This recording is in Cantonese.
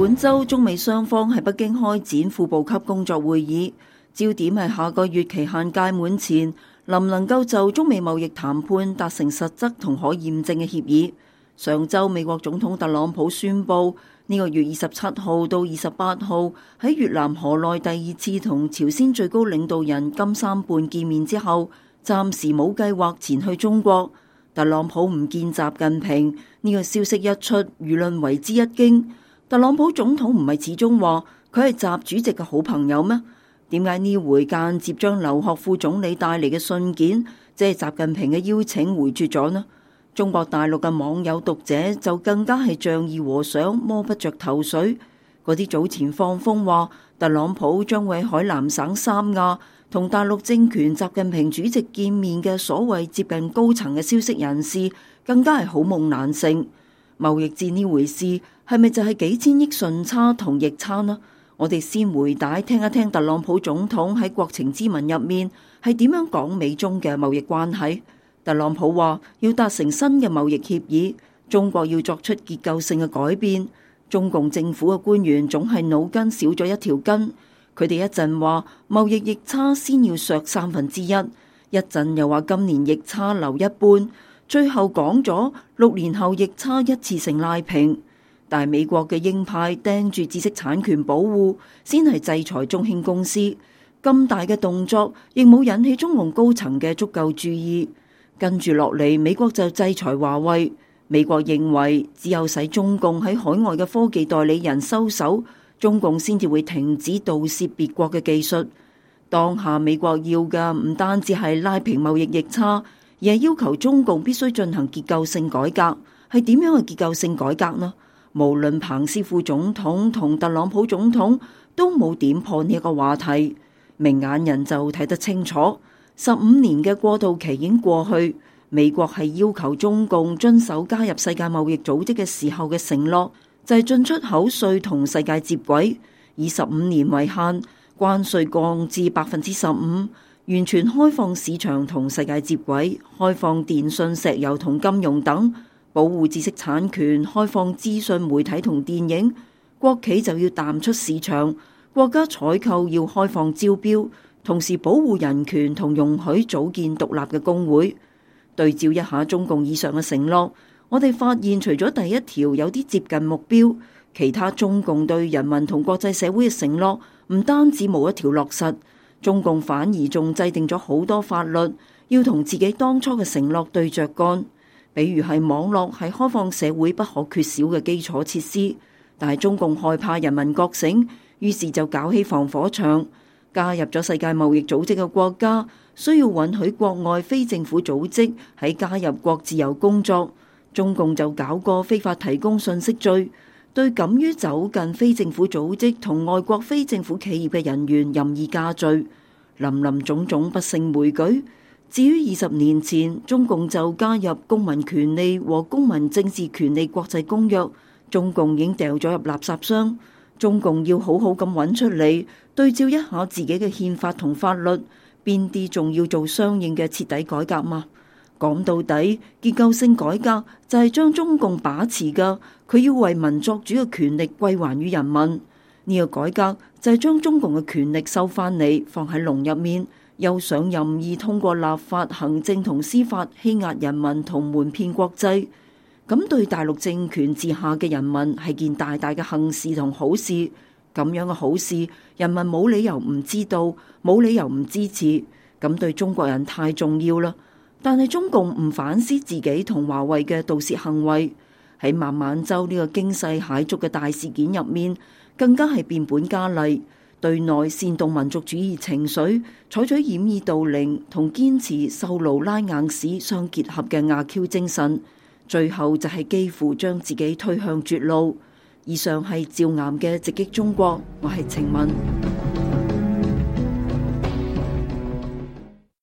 本周中美雙方喺北京開展副部級工作會議，焦點係下個月期限屆滿前，能唔能夠就中美貿易談判達成實質同可驗證嘅協議。上周美國總統特朗普宣布呢、這個月二十七號到二十八號喺越南河內第二次同朝鮮最高領導人金三胖見面之後，暫時冇計劃前去中國。特朗普唔見習近平呢、這個消息一出，輿論為之一驚。特朗普總統唔係始終話佢係習主席嘅好朋友咩？點解呢回間接將劉鶴副總理帶嚟嘅信件，即係習近平嘅邀請回絕咗呢？中國大陸嘅網友讀者就更加係丈二和尚摸不着頭水。嗰啲早前放風話特朗普將喺海南省三亞同大陸政權習近平主席見面嘅所謂接近高層嘅消息人士，更加係好夢難成。貿易戰呢回事？係咪就係幾千億順差同逆差呢？我哋先回帶聽一聽特朗普總統喺國情咨文入面係點樣講美中嘅貿易關係。特朗普話要達成新嘅貿易協議，中國要作出結構性嘅改變。中共政府嘅官員總係腦筋少咗一條筋。佢哋一陣話貿易逆差先要削三分之一，一陣又話今年逆差留一半，最後講咗六年後逆差一次性拉平。但美國嘅鷹派盯住知識產權保護，先係制裁中興公司，咁大嘅動作，亦冇引起中共高層嘅足夠注意。跟住落嚟，美國就制裁華為。美國認為只有使中共喺海外嘅科技代理人收手，中共先至會停止盜竊別國嘅技術。當下美國要嘅唔單止係拉平貿易逆差，而係要求中共必須進行結構性改革。係點樣嘅結構性改革呢？無論彭斯副總統同特朗普總統都冇點破呢一個話題，明眼人就睇得清楚。十五年嘅過渡期已經過去，美國係要求中共遵守加入世界貿易組織嘅時候嘅承諾，就係進出口稅同世界接軌，以十五年為限，關稅降至百分之十五，完全開放市場同世界接軌，開放電信、石油同金融等。保護知識產權、開放資訊媒體同電影，國企就要淡出市場；國家採購要開放招標，同時保護人權同容許組建獨立嘅工會。對照一下中共以上嘅承諾，我哋發現除咗第一條有啲接近目標，其他中共對人民同國際社會嘅承諾唔單止冇一條落實，中共反而仲制定咗好多法律，要同自己當初嘅承諾對着幹。比如係網絡係開放社會不可缺少嘅基礎設施，但係中共害怕人民覺醒，於是就搞起防火牆。加入咗世界貿易組織嘅國家需要允許國外非政府組織喺加入國自由工作，中共就搞過非法提供信息罪，對敢於走近非政府組織同外國非政府企業嘅人員任意加罪，林林種種不勝枚舉。至於二十年前中共就加入公民權利和公民政治權利國際公約，中共已經掉咗入垃圾箱。中共要好好咁揾出嚟，對照一下自己嘅憲法同法律，邊啲仲要做相應嘅徹底改革嘛？講到底，結構性改革就係將中共把持嘅佢要為民作主嘅權力歸還於人民。呢、這個改革就係將中共嘅權力收翻嚟，放喺籠入面。又想任意通過立法、行政同司法欺壓人民同瞞騙國際，咁對大陸政權之下嘅人民係件大大嘅幸事同好事，咁樣嘅好事，人民冇理由唔知道，冇理由唔支持，咁對中國人太重要啦。但係中共唔反思自己同華為嘅盜竊行為，喺孟晚舟呢個驚世駭俗嘅大事件入面，更加係變本加厲。對內煽動民族主義情緒，採取掩耳盜鈴同堅持受奴拉硬史相結合嘅阿 Q 精神，最後就係幾乎將自己推向絕路，以上係趙岩嘅直擊中國。我係晴雯。